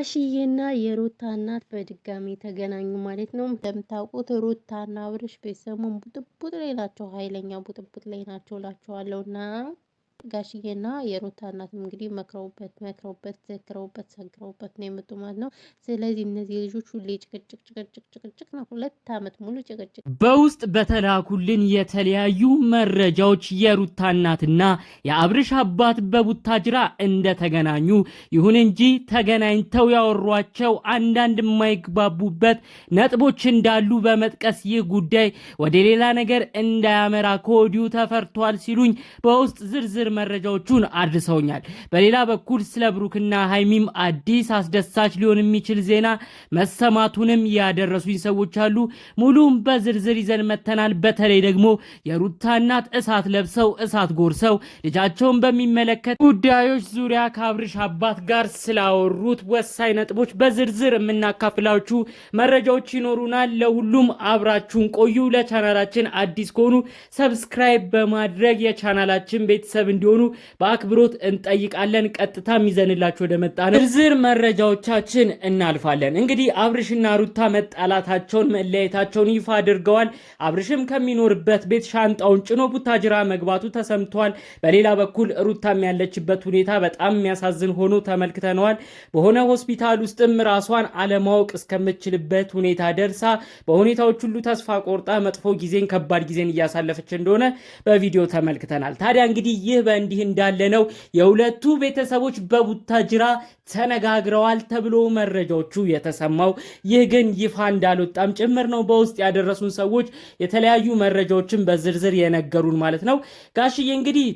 ጋሽዬና የሩታ እናት በድጋሚ ተገናኙ ማለት ነው። እንደምታውቁት ሩታና አብርሽ ቤተሰቡን ቡጥቡጥ ላይ ናቸው፣ ኃይለኛ ቡጥቡጥ ላይ ናቸው እላቸዋለሁ እና ጋሽዬና የሩታ እናትም እንግዲህ መክረውበት መክረውበት ዘክረውበት ሰክረውበት ነው የመጡ ማለት ነው። ስለዚህ እነዚህ ልጆች ሁሌ ጭቅጭቅ ጭቅጭቅ ጭቅጭቅ ነው፣ ሁለት አመት ሙሉ ጭቅጭቅ። በውስጥ በተላኩልን የተለያዩ መረጃዎች የሩታ እናትና የአብርሽ አባት በቡታጅራ እንደተገናኙ፣ ይሁን እንጂ ተገናኝተው ያወሯቸው አንዳንድ የማይግባቡበት ነጥቦች እንዳሉ በመጥቀስ ይህ ጉዳይ ወደ ሌላ ነገር እንዳያመራ ከወዲሁ ተፈርቷል ሲሉኝ በውስጥ ዝርዝር መረጃዎቹን አድርሰውኛል። በሌላ በኩል ስለ ብሩክና ሀይሚም አዲስ አስደሳች ሊሆን የሚችል ዜና መሰማቱንም ያደረሱኝ ሰዎች አሉ። ሙሉም በዝርዝር ይዘን መተናል። በተለይ ደግሞ የሩታ እናት እሳት ለብሰው እሳት ጎርሰው ልጃቸውን በሚመለከት ጉዳዮች ዙሪያ ከአብርሽ አባት ጋር ስላወሩት ወሳኝ ነጥቦች በዝርዝር የምናካፍላችሁ መረጃዎች ይኖሩናል። ለሁሉም አብራችሁን ቆዩ። ለቻናላችን አዲስ ከሆኑ ሰብስክራይብ በማድረግ የቻናላችን ቤተሰብ እንዲሆኑ በአክብሮት እንጠይቃለን። ቀጥታ ይዘንላችሁ ወደ መጣ ነው ዝርዝር መረጃዎቻችን እናልፋለን። እንግዲህ አብርሽና ሩታ መጣላታቸውን መለያየታቸውን ይፋ አድርገዋል። አብርሽም ከሚኖርበት ቤት ሻንጣውን ጭኖ ቡታጅራ መግባቱ ተሰምተዋል። በሌላ በኩል ሩታም ያለችበት ሁኔታ በጣም የሚያሳዝን ሆኖ ተመልክተነዋል። በሆነ ሆስፒታል ውስጥም ራሷን አለማወቅ እስከምችልበት ሁኔታ ደርሳ በሁኔታዎች ሁሉ ተስፋ ቆርጣ መጥፎ ጊዜን ከባድ ጊዜን እያሳለፈች እንደሆነ በቪዲዮ ተመልክተናል። ታዲያ እንግዲህ ይህ በእንዲህ እንዳለ ነው የሁለቱ ቤተሰቦች በቡታጅራ ተነጋግረዋል ተብሎ መረጃዎቹ የተሰማው። ይህ ግን ይፋ እንዳልወጣም ጭምር ነው በውስጥ ያደረሱን ሰዎች የተለያዩ መረጃዎችን በዝርዝር የነገሩን ማለት ነው። ጋሽዬ እንግዲህ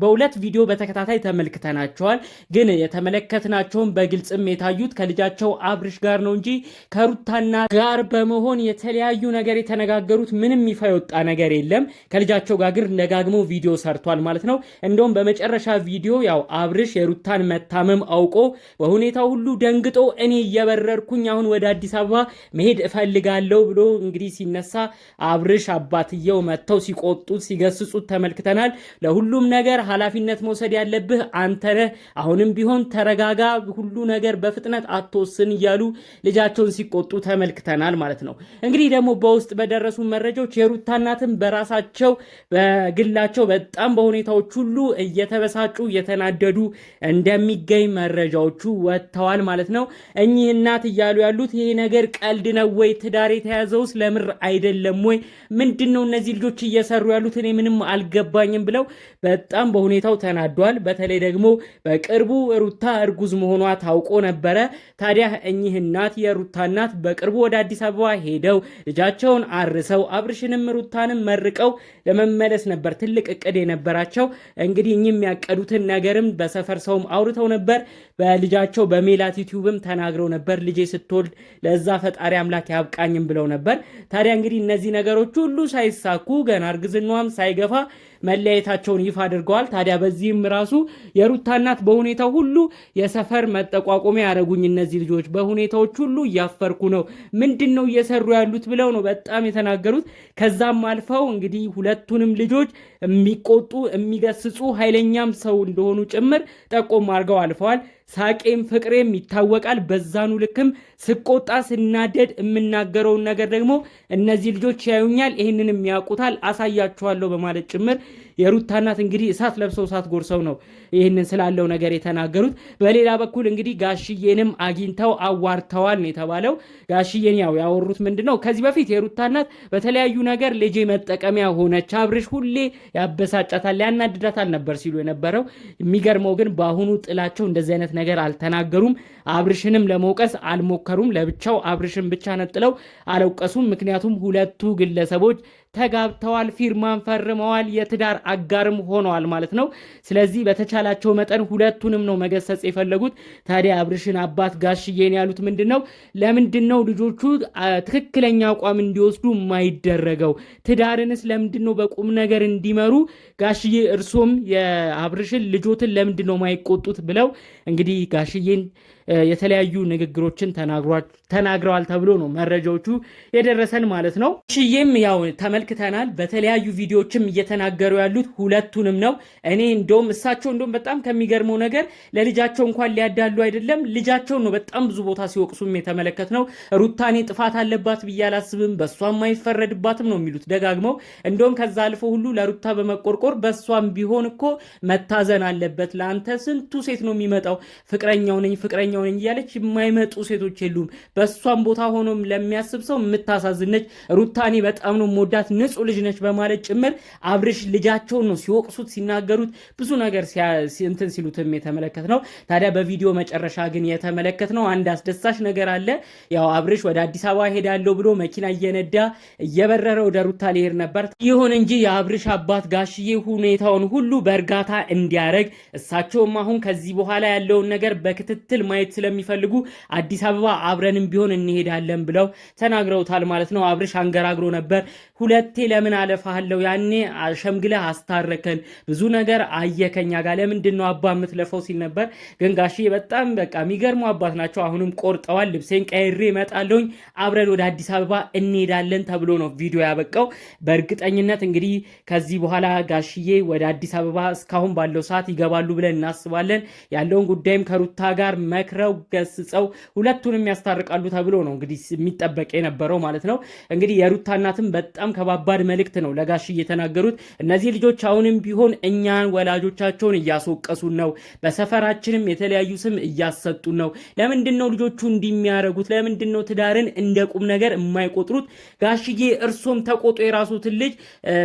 በሁለት ቪዲዮ በተከታታይ ተመልክተናቸዋል። ግን የተመለከትናቸውን በግልጽም የታዩት ከልጃቸው አብርሽ ጋር ነው እንጂ ከሩታና ጋር በመሆን የተለያዩ ነገር የተነጋገሩት ምንም ይፋ የወጣ ነገር የለም። ከልጃቸው ጋር ግን ደጋግሞ ቪዲዮ ሰርቷል ማለት ነው። እንደውም በመጨረሻ ቪዲዮ ያው አብርሽ የሩታን መታመም አውቆ በሁኔታ ሁሉ ደንግጦ እኔ እየበረርኩኝ አሁን ወደ አዲስ አበባ መሄድ እፈልጋለሁ ብሎ እንግዲህ ሲነሳ አብርሽ አባትየው መጥተው ሲቆጡት ሲገስጹት ተመልክተናል። ለሁሉም ነገር ኃላፊነት መውሰድ ያለብህ አንተነህ። አሁንም ቢሆን ተረጋጋ፣ ሁሉ ነገር በፍጥነት አትወስን እያሉ ልጃቸውን ሲቆጡ ተመልክተናል ማለት ነው። እንግዲህ ደግሞ በውስጥ በደረሱ መረጃዎች የሩታ እናትም በራሳቸው በግላቸው በጣም በሁኔታዎች ሁሉ እየተበሳጩ እየተናደዱ እንደሚገኝ መረጃዎቹ ወጥተዋል ማለት ነው። እኚህ እናት እያሉ ያሉት ይሄ ነገር ቀልድ ነው ወይ? ትዳር የተያዘውስ ለምር አይደለም ወይ? ምንድን ነው እነዚህ ልጆች እየሰሩ ያሉት? እኔ ምንም አልገባኝም ብለው በጣም በሁኔታው ተናዷል። በተለይ ደግሞ በቅርቡ ሩታ እርጉዝ መሆኗ ታውቆ ነበረ። ታዲያ እኚህ እናት የሩታ እናት በቅርቡ ወደ አዲስ አበባ ሄደው ልጃቸውን አርሰው አብርሽንም ሩታንም መርቀው ለመመለስ ነበር ትልቅ እቅድ የነበራቸው። እንግዲህ እኚህ የሚያቀዱትን ነገርም በሰፈር ሰውም አውርተው ነበር። በልጃቸው በሜላት ዩቲዩብም ተናግረው ነበር። ልጄ ስትወልድ ለዛ ፈጣሪ አምላክ ያብቃኝም ብለው ነበር። ታዲያ እንግዲህ እነዚህ ነገሮች ሁሉ ሳይሳኩ ገና እርግዝናዋም ሳይገፋ መለያየታቸውን ይፋ አድርገዋል። ታዲያ በዚህም ራሱ የሩታ እናት በሁኔታው ሁሉ የሰፈር መጠቋቋሚያ ያደረጉኝ እነዚህ ልጆች በሁኔታዎች ሁሉ እያፈርኩ ነው፣ ምንድን ነው እየሰሩ ያሉት ብለው ነው በጣም የተናገሩት። ከዛም አልፈው እንግዲህ ሁለቱንም ልጆች የሚቆጡ የሚገስጹ ኃይለኛም ሰው እንደሆኑ ጭምር ጠቆም አድርገው አልፈዋል። ሳቄም ፍቅሬም ይታወቃል። በዛኑ ልክም ስቆጣ ስናደድ የምናገረውን ነገር ደግሞ እነዚህ ልጆች ያዩኛል፣ ይህንንም ያውቁታል፣ አሳያችኋለሁ በማለት ጭምር የሩታ እናት እንግዲህ እሳት ለብሰው እሳት ጎርሰው ነው ይህንን ስላለው ነገር የተናገሩት። በሌላ በኩል እንግዲህ ጋሽዬንም አግኝተው አዋርተዋል ነው የተባለው። ጋሽዬን ያው ያወሩት ምንድን ነው ከዚህ በፊት የሩታ እናት በተለያዩ ነገር ልጄ መጠቀሚያ ሆነች፣ አብርሽ ሁሌ ያበሳጫታል፣ ያናድዳታል ነበር ሲሉ የነበረው። የሚገርመው ግን በአሁኑ ጥላቸው እንደዚህ አይነት ነገር አልተናገሩም። አብርሽንም ለመውቀስ አልሞከሩም። ለብቻው አብርሽን ብቻ ነጥለው አለውቀሱም። ምክንያቱም ሁለቱ ግለሰቦች ተጋብተዋል፣ ፊርማን ፈርመዋል፣ የትዳር አጋርም ሆነዋል ማለት ነው። ስለዚህ በተቻላቸው መጠን ሁለቱንም ነው መገሰጽ የፈለጉት። ታዲያ አብርሽን አባት ጋሽዬን ያሉት ምንድን ነው? ለምንድን ነው ልጆቹ ትክክለኛ አቋም እንዲወስዱ የማይደረገው? ትዳርንስ ለምንድን ነው በቁም ነገር እንዲመሩ? ጋሽዬ እርሶም የአብርሽን ልጆትን ለምንድን ነው የማይቆጡት? ብለው እንግዲህ ጋሽዬን የተለያዩ ንግግሮችን ተናግረዋል ተብሎ ነው መረጃዎቹ የደረሰን ማለት ነው። ሽዬም ያው ተመ ተመልክተናል። በተለያዩ ቪዲዮዎችም እየተናገሩ ያሉት ሁለቱንም ነው። እኔ እንደውም እሳቸው እንደውም በጣም ከሚገርመው ነገር ለልጃቸው እንኳን ሊያዳሉ አይደለም ልጃቸውን ነው በጣም ብዙ ቦታ ሲወቅሱም የተመለከት ነው። ሩታኔ ጥፋት አለባት ብዬ አላስብም፣ በእሷም አይፈረድባትም ነው የሚሉት ደጋግመው። እንደውም ከዛ አልፎ ሁሉ ለሩታ በመቆርቆር በእሷም ቢሆን እኮ መታዘን አለበት፣ ለአንተ ስንቱ ሴት ነው የሚመጣው ፍቅረኛው ነኝ ፍቅረኛው ነኝ እያለች የማይመጡ ሴቶች የሉም። በእሷም ቦታ ሆኖም ለሚያስብ ሰው የምታሳዝነች ሩታኔ በጣም ነው መወዳት ንጹህ ልጅ ነች በማለት ጭምር አብርሽ ልጃቸውን ነው ሲወቅሱት ሲናገሩት ብዙ ነገር እንትን ሲሉትም የተመለከት ነው። ታዲያ በቪዲዮ መጨረሻ ግን የተመለከት ነው አንድ አስደሳች ነገር አለ። ያው አብርሽ ወደ አዲስ አበባ ሄዳለሁ ብሎ መኪና እየነዳ እየበረረ ወደ ሩታ ሊሄድ ነበር። ይሁን እንጂ የአብርሽ አባት ጋሽዬ ሁኔታውን ሁሉ በእርጋታ እንዲያደረግ እሳቸውም አሁን ከዚህ በኋላ ያለውን ነገር በክትትል ማየት ስለሚፈልጉ አዲስ አበባ አብረንም ቢሆን እንሄዳለን ብለው ተናግረውታል ማለት ነው። አብርሽ አንገራግሮ ነበር። ሁለቴ ለምን አለፋሃለሁ? ያኔ አሸምግለህ አስታረከን፣ ብዙ ነገር አየከኛ ጋር ለምንድን ነው አባ የምትለፈው ሲል ነበር። ግን ጋሽዬ በጣም በቃ የሚገርሙ አባት ናቸው። አሁንም ቆርጠዋል። ልብሴን ቀይሬ እመጣለሁኝ፣ አብረን ወደ አዲስ አበባ እንሄዳለን ተብሎ ነው ቪዲዮ ያበቃው። በእርግጠኝነት እንግዲህ ከዚህ በኋላ ጋሽዬ ወደ አዲስ አበባ እስካሁን ባለው ሰዓት ይገባሉ ብለን እናስባለን። ያለውን ጉዳይም ከሩታ ጋር መክረው ገስጸው ሁለቱንም ያስታርቃሉ ተብሎ ነው እንግዲህ የሚጠበቅ የነበረው ማለት ነው። እንግዲህ የሩታ እናትም በጣም በጣም ከባባድ መልእክት ነው ለጋሽ እየተናገሩት። እነዚህ ልጆች አሁንም ቢሆን እኛን ወላጆቻቸውን እያስወቀሱን ነው። በሰፈራችንም የተለያዩ ስም እያሰጡን ነው። ለምንድን ነው ልጆቹ እንዲሚያደርጉት? ለምንድን ነው ትዳርን እንደ ቁም ነገር የማይቆጥሩት? ጋሽዬ እርሶም ተቆጦ የራሱትን ልጅ።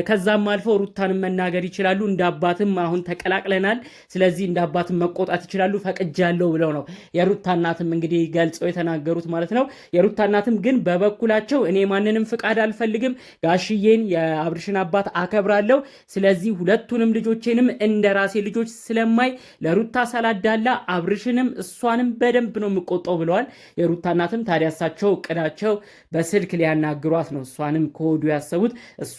ከዛም አልፈው ሩታንም መናገር ይችላሉ። እንደ አባትም አሁን ተቀላቅለናል፣ ስለዚህ እንደ አባትም መቆጣት ይችላሉ ፈቅጃለሁ ብለው ነው የሩታ እናትም እንግዲህ ገልጸው የተናገሩት ማለት ነው። የሩታ እናትም ግን በበኩላቸው እኔ ማንንም ፍቃድ አልፈልግም ጋሽዬን የአብርሽን አባት አከብራለሁ። ስለዚህ ሁለቱንም ልጆቼንም እንደ ራሴ ልጆች ስለማይ ለሩታ ሳላዳላ አብርሽንም እሷንም በደንብ ነው የምቆጠው ብለዋል። የሩታ እናትም ታዲያ እሳቸው እቅዳቸው በስልክ ሊያናግሯት ነው እሷንም ከወዱ ያሰቡት። እሷ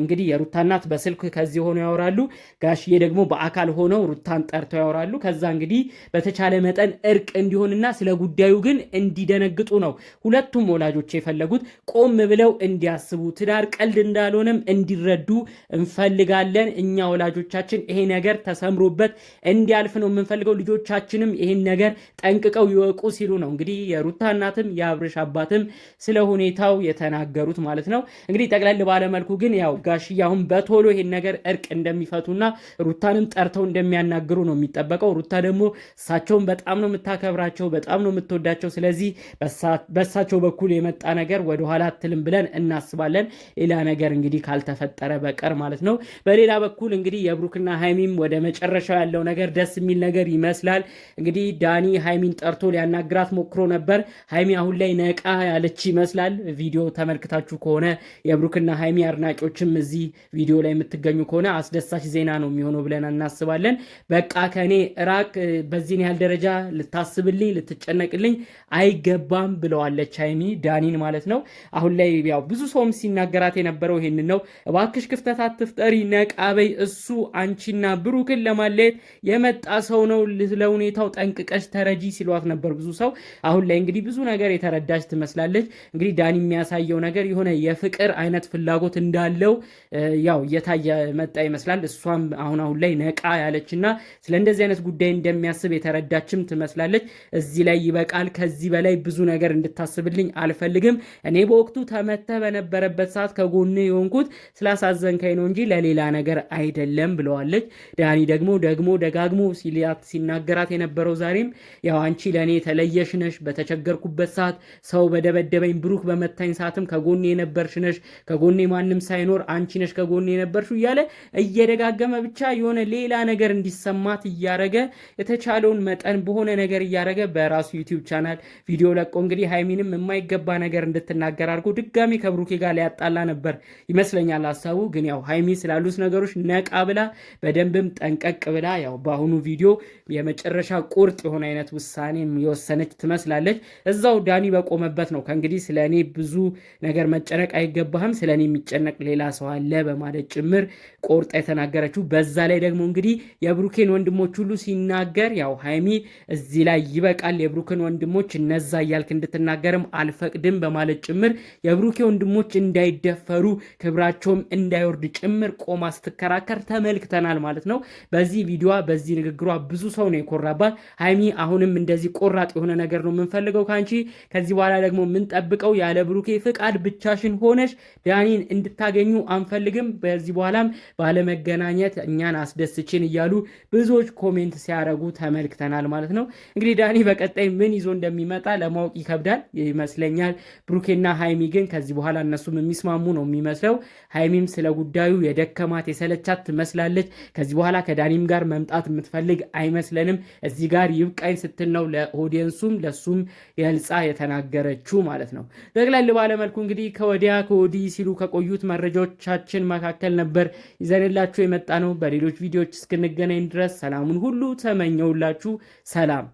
እንግዲህ የሩታ እናት በስልክ ከዚህ ሆነው ያወራሉ፣ ጋሽዬ ደግሞ በአካል ሆነው ሩታን ጠርተው ያወራሉ። ከዛ እንግዲህ በተቻለ መጠን እርቅ እንዲሆንና ስለ ጉዳዩ ግን እንዲደነግጡ ነው ሁለቱም ወላጆች የፈለጉት ቆም ብለው እንዲያስቡ ትዳር ቀልድ እንዳልሆነም እንዲረዱ እንፈልጋለን። እኛ ወላጆቻችን ይሄ ነገር ተሰምሮበት እንዲያልፍ ነው የምንፈልገው። ልጆቻችንም ይሄን ነገር ጠንቅቀው ይወቁ ሲሉ ነው እንግዲህ የሩታ እናትም የአብርሽ አባትም ስለ ሁኔታው የተናገሩት ማለት ነው። እንግዲህ ጠቅለል ባለመልኩ ግን ያው ጋሽዬ አሁን በቶሎ ይሄን ነገር እርቅ እንደሚፈቱና ሩታንም ጠርተው እንደሚያናግሩ ነው የሚጠበቀው። ሩታ ደግሞ እሳቸውን በጣም ነው የምታከብራቸው፣ በጣም ነው የምትወዳቸው። ስለዚህ በእሳቸው በኩል የመጣ ነገር ወደኋላ አትልም ብለን እናስባለን። ሌላ ነገር እንግዲህ ካልተፈጠረ በቀር ማለት ነው። በሌላ በኩል እንግዲህ የብሩክና ሀይሚም ወደ መጨረሻው ያለው ነገር ደስ የሚል ነገር ይመስላል። እንግዲህ ዳኒ ሀይሚን ጠርቶ ሊያናግራት ሞክሮ ነበር። ሀይሚ አሁን ላይ ነቃ ያለች ይመስላል። ቪዲዮ ተመልክታችሁ ከሆነ የብሩክና ሀይሚ አድናቂዎችም እዚህ ቪዲዮ ላይ የምትገኙ ከሆነ አስደሳች ዜና ነው የሚሆነው ብለን እናስባለን። በቃ ከእኔ ራቅ፣ በዚህን ያህል ደረጃ ልታስብልኝ ልትጨነቅልኝ አይገባም ብለዋለች ሀይሚ ዳኒን ማለት ነው። አሁን ላይ ያው ብዙ ሰውም ሲናገር ሲናገራት የነበረው ይህንን ነው። እባክሽ ክፍተት አትፍጠሪ፣ ነቃበይ። እሱ አንቺና ብሩክን ለማለየት የመጣ ሰው ነው። ለሁኔታው ጠንቅቀሽ ተረጂ ሲሏት ነበር ብዙ ሰው። አሁን ላይ እንግዲህ ብዙ ነገር የተረዳች ትመስላለች። እንግዲህ ዳኒ የሚያሳየው ነገር የሆነ የፍቅር አይነት ፍላጎት እንዳለው ያው እየታየ መጣ ይመስላል። እሷም አሁን አሁን ላይ ነቃ ያለችና ስለ እንደዚህ አይነት ጉዳይ እንደሚያስብ የተረዳችም ትመስላለች። እዚህ ላይ ይበቃል፣ ከዚህ በላይ ብዙ ነገር እንድታስብልኝ አልፈልግም። እኔ በወቅቱ ተመተ በነበረበት ሰዓት ሰዓት ከጎኔ የሆንኩት ስላሳዘንከኝ ነው እንጂ ለሌላ ነገር አይደለም ብለዋለች። ዳኒ ደግሞ ደግሞ ደጋግሞ ሲላት ሲናገራት የነበረው ዛሬም ያው አንቺ ለእኔ የተለየሽ ነሽ፣ በተቸገርኩበት ሰዓት ሰው በደበደበኝ ብሩክ በመታኝ ሰዓትም ከጎኔ የነበርሽ ነሽ፣ ከጎኔ ማንም ሳይኖር አንቺ ነሽ ከጎኔ የነበርሽው እያለ እየደጋገመ ብቻ የሆነ ሌላ ነገር እንዲሰማት እያረገ የተቻለውን መጠን በሆነ ነገር እያረገ በራሱ ዩቲዩብ ቻናል ቪዲዮ ለቆ እንግዲህ ሀይሚንም የማይገባ ነገር እንድትናገር አድርጎ ድጋሚ ከብሩኬ ጋር ሊያጣላ ነበር ይመስለኛል ሀሳቡ። ግን ያው ሀይሚ ስላሉት ነገሮች ነቃ ብላ በደንብም ጠንቀቅ ብላ ያው በአሁኑ ቪዲዮ የመጨረሻ ቁርጥ የሆነ አይነት ውሳኔ የወሰነች ትመስላለች። እዛው ዳኒ በቆመበት ነው ከእንግዲህ ስለ እኔ ብዙ ነገር መጨነቅ አይገባህም፣ ስለ እኔ የሚጨነቅ ሌላ ሰው አለ በማለት ጭምር ቆርጣ የተናገረችው። በዛ ላይ ደግሞ እንግዲህ የብሩኬን ወንድሞች ሁሉ ሲናገር ያው ሀይሚ እዚህ ላይ ይበቃል፣ የብሩኬን ወንድሞች እነዛ እያልክ እንድትናገርም አልፈቅድም በማለት ጭምር የብሩኬ ወንድሞች እንዳይደ እንዲደፈሩ ክብራቸውም እንዳይወርድ ጭምር ቆማ ስትከራከር ተመልክተናል ማለት ነው። በዚህ ቪዲዮዋ በዚህ ንግግሯ ብዙ ሰው ነው የኮራባት። ሀይሚ አሁንም እንደዚህ ቆራጥ የሆነ ነገር ነው የምንፈልገው ከአንቺ። ከዚህ በኋላ ደግሞ የምንጠብቀው ያለ ብሩኬ ፍቃድ ብቻሽን ሆነሽ ዳኒን እንድታገኙ አንፈልግም። በዚህ በኋላም ባለመገናኘት እኛን አስደስችን እያሉ ብዙዎች ኮሜንት ሲያደርጉ ተመልክተናል ማለት ነው። እንግዲህ ዳኒ በቀጣይ ምን ይዞ እንደሚመጣ ለማወቅ ይከብዳል ይመስለኛል። ብሩኬና ሀይሚ ግን ከዚህ በኋላ እነሱም የሚስማሙ የተስማሙ ነው የሚመስለው። ሀይሚም ስለ ጉዳዩ የደከማት የሰለቻት ትመስላለች። ከዚህ በኋላ ከዳኒም ጋር መምጣት የምትፈልግ አይመስለንም፣ እዚህ ጋር ይብቃኝ ስትል ነው ለኦዲየንሱም ለሱም የልጻ የተናገረችው ማለት ነው። ጠቅለል ባለመልኩ እንግዲህ ከወዲያ ከወዲህ ሲሉ ከቆዩት መረጃዎቻችን መካከል ነበር ይዘንላችሁ የመጣ ነው። በሌሎች ቪዲዮዎች እስክንገናኝ ድረስ ሰላሙን ሁሉ ተመኘውላችሁ። ሰላም